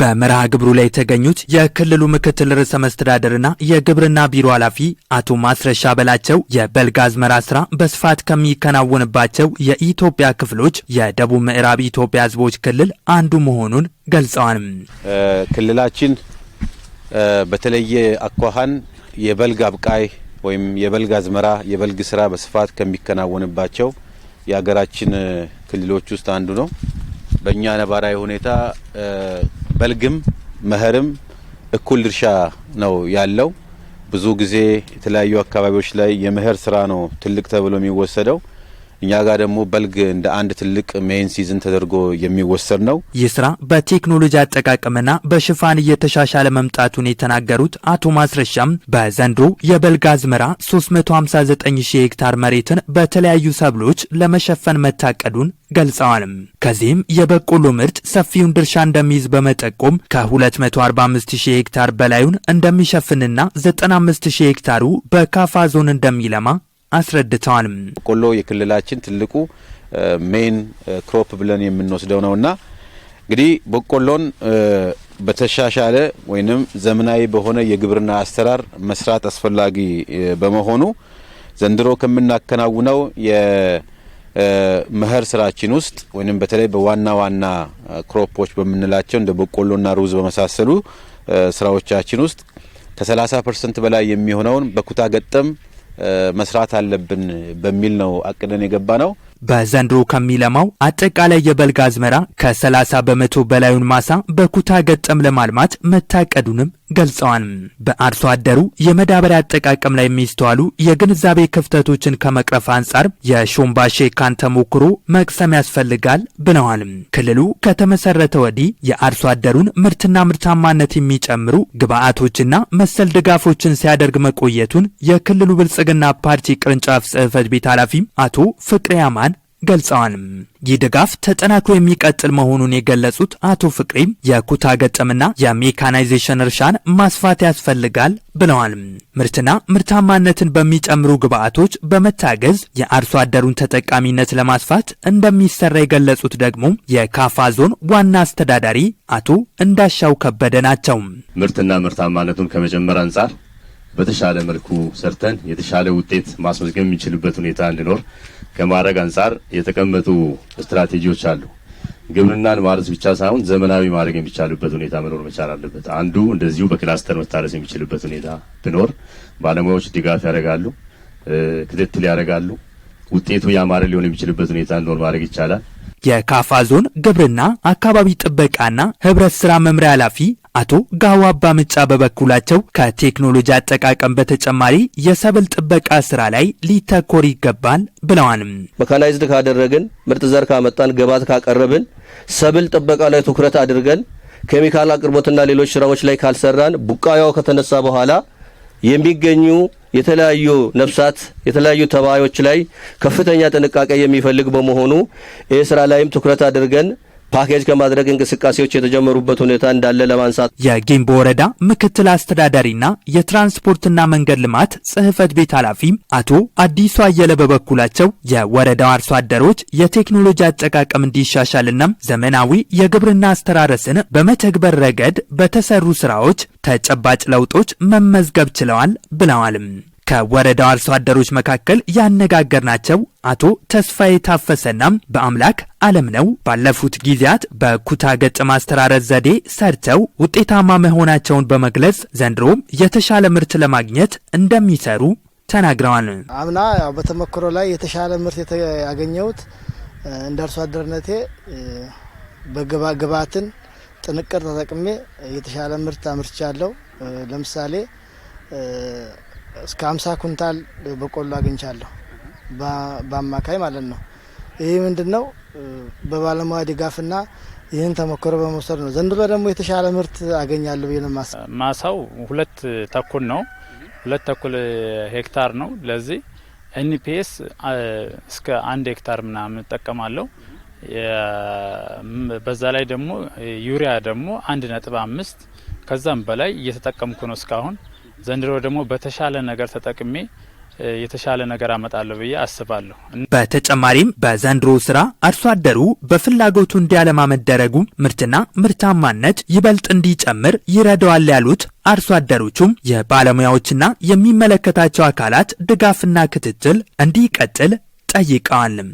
በመርሃ ግብሩ ላይ የተገኙት የክልሉ ምክትል ርዕሰ መስተዳደርና የግብርና ቢሮ ኃላፊ አቶ ማስረሻ በላቸው የበልግ አዝመራ ስራ በስፋት ከሚከናወንባቸው የኢትዮጵያ ክፍሎች የደቡብ ምዕራብ ኢትዮጵያ ሕዝቦች ክልል አንዱ መሆኑን ገልጸዋል። ክልላችን በተለየ አኳኋን የበልግ አብቃይ ወይም የበልግ አዝመራ የበልግ ስራ በስፋት ከሚከናወንባቸው የሀገራችን ክልሎች ውስጥ አንዱ ነው። በእኛ ነባራዊ ሁኔታ በልግም መኸርም እኩል ድርሻ ነው ያለው። ብዙ ጊዜ የተለያዩ አካባቢዎች ላይ የመኸር ስራ ነው ትልቅ ተብሎ የሚወሰደው። እኛ ጋር ደግሞ በልግ እንደ አንድ ትልቅ ሜይን ሲዝን ተደርጎ የሚወሰድ ነው። ይህ ስራ በቴክኖሎጂ አጠቃቀምና በሽፋን እየተሻሻለ መምጣቱን የተናገሩት አቶ ማስረሻም በዘንድሮ የበልግ አዝመራ 359 ሄክታር መሬትን በተለያዩ ሰብሎች ለመሸፈን መታቀዱን ገልጸዋል። ከዚህም የበቆሎ ምርት ሰፊውን ድርሻ እንደሚይዝ በመጠቆም ከ 245000 ሄክታር በላዩን እንደሚሸፍንና 95 ሄክታሩ በካፋ ዞን እንደሚለማ አስረድተዋል። በቆሎ የክልላችን ትልቁ ሜን ክሮፕ ብለን የምንወስደው ነውና እንግዲህ በቆሎን በተሻሻለ ወይም ዘመናዊ በሆነ የግብርና አሰራር መስራት አስፈላጊ በመሆኑ ዘንድሮ ከምናከናውነው የመኸር ስራችን ውስጥ ወይም በተለይ በዋና ዋና ክሮፖች በምንላቸው እንደ በቆሎና ሩዝ በመሳሰሉ ስራዎቻችን ውስጥ ከ30 ፐርሰንት በላይ የሚሆነውን በኩታ ገጠም መስራት አለብን በሚል ነው አቅደን የገባ ነው። በዘንድሮ ከሚለማው አጠቃላይ የበልግ አዝመራ ከ30 በመቶ በላዩን ማሳ በኩታ ገጠም ለማልማት መታቀዱንም ገልጸዋል። በአርሶ አደሩ የመዳበሪያ አጠቃቀም ላይ የሚስተዋሉ የግንዛቤ ክፍተቶችን ከመቅረፍ አንጻር የሾምባሼ ካን ተሞክሮ መቅሰም ያስፈልጋል ብለዋል። ክልሉ ከተመሰረተ ወዲህ የአርሶ አደሩን ምርትና ምርታማነት የሚጨምሩ ግብዓቶችና መሰል ድጋፎችን ሲያደርግ መቆየቱን የክልሉ ብልጽግና ፓርቲ ቅርንጫፍ ጽህፈት ቤት ኃላፊ አቶ ፍቅሬ አማን ገልጸዋል። ይህ ድጋፍ ተጠናክሮ የሚቀጥል መሆኑን የገለጹት አቶ ፍቅሪም የኩታ ገጠምና የሜካናይዜሽን እርሻን ማስፋት ያስፈልጋል ብለዋል። ምርትና ምርታማነትን በሚጨምሩ ግብዓቶች በመታገዝ የአርሶ አደሩን ተጠቃሚነት ለማስፋት እንደሚሰራ የገለጹት ደግሞ የካፋ ዞን ዋና አስተዳዳሪ አቶ እንዳሻው ከበደ ናቸው። ምርትና ምርታማነቱን ከመጨመር አንጻር በተሻለ መልኩ ሰርተን የተሻለ ውጤት ማስመዝገብ የሚችልበት ሁኔታ እንዲኖር ከማድረግ አንጻር የተቀመጡ ስትራቴጂዎች አሉ። ግብርናን ማረስ ብቻ ሳይሆን ዘመናዊ ማድረግ የሚቻልበት ሁኔታ መኖር መቻል አለበት። አንዱ እንደዚሁ በክላስተር መታረስ የሚችልበት ሁኔታ ቢኖር ባለሙያዎች ድጋፍ ያደርጋሉ፣ ክትትል ያደርጋሉ። ውጤቱ ያማረ ሊሆን የሚችልበት ሁኔታ እንዲኖር ማድረግ ይቻላል። የካፋ ዞን ግብርና አካባቢ ጥበቃና ህብረት ስራ መምሪያ ኃላፊ አቶ ጋዋ ምጫ በበኩላቸው ከቴክኖሎጂ አጠቃቀም በተጨማሪ የሰብል ጥበቃ ስራ ላይ ሊተኮር ይገባል ብለዋል። መካናይዝድ ካደረግን፣ ምርጥ ዘር ካመጣን፣ ገባት ካቀረብን፣ ሰብል ጥበቃ ላይ ትኩረት አድርገን ኬሚካል አቅርቦትና ሌሎች ስራዎች ላይ ካልሰራን ቡቃያው ከተነሳ በኋላ የሚገኙ የተለያዩ ነፍሳት የተለያዩ ተባዮች ላይ ከፍተኛ ጥንቃቄ የሚፈልግ በመሆኑ ይህ ስራ ላይም ትኩረት አድርገን ፓኬጅ ከማድረግ እንቅስቃሴዎች የተጀመሩበት ሁኔታ እንዳለ ለማንሳት የጊምቦ ወረዳ ምክትል አስተዳዳሪና የትራንስፖርትና መንገድ ልማት ጽህፈት ቤት ኃላፊ አቶ አዲሱ አየለ በበኩላቸው የወረዳው አርሶ አደሮች የቴክኖሎጂ አጠቃቀም እንዲሻሻልና ዘመናዊ የግብርና አስተራረስን በመተግበር ረገድ በተሰሩ ስራዎች ተጨባጭ ለውጦች መመዝገብ ችለዋል ብለዋልም። ከወረዳው አርሶ አደሮች መካከል ያነጋገርናቸው አቶ ተስፋዬ ታፈሰና በአምላክ አለም ነው ባለፉት ጊዜያት በኩታ ገጽ ማስተራረስ ዘዴ ሰርተው ውጤታማ መሆናቸውን በመግለጽ ዘንድሮም የተሻለ ምርት ለማግኘት እንደሚሰሩ ተናግረዋል። አምና በተመክሮ ላይ የተሻለ ምርት ያገኘሁት እንደ አርሶ አደርነቴ በግብዓትን ጥንቅር ተጠቅሜ የተሻለ ምርት አምርቻለሁ። ለምሳሌ እስከ አምሳ ኩንታል በቆሎ አግኝቻለሁ በአማካይ ማለት ነው። ይህ ምንድን ነው በባለሙያ ድጋፍና ይህን ተሞክሮ በመውሰድ ነው። ዘንድሮ ደግሞ የተሻለ ምርት አገኛለሁ ብ ማሳው ሁለት ተኩል ነው፣ ሁለት ተኩል ሄክታር ነው። ለዚህ ኤንፒኤስ እስከ አንድ ሄክታር ምናምን እጠቀማለሁ። በዛ ላይ ደግሞ ዩሪያ ደግሞ አንድ ነጥብ አምስት ከዛም በላይ እየተጠቀምኩ ነው እስካሁን ዘንድሮ ደግሞ በተሻለ ነገር ተጠቅሜ የተሻለ ነገር አመጣለሁ ብዬ አስባለሁ። በተጨማሪም በዘንድሮ ስራ አርሶ አደሩ በፍላጎቱ እንዲያለማ መደረጉ ምርትና ምርታማነት ይበልጥ እንዲጨምር ይረዳዋል ያሉት አርሶ አደሮቹም የባለሙያዎችና የሚመለከታቸው አካላት ድጋፍና ክትትል እንዲቀጥል ጠይቀዋልም።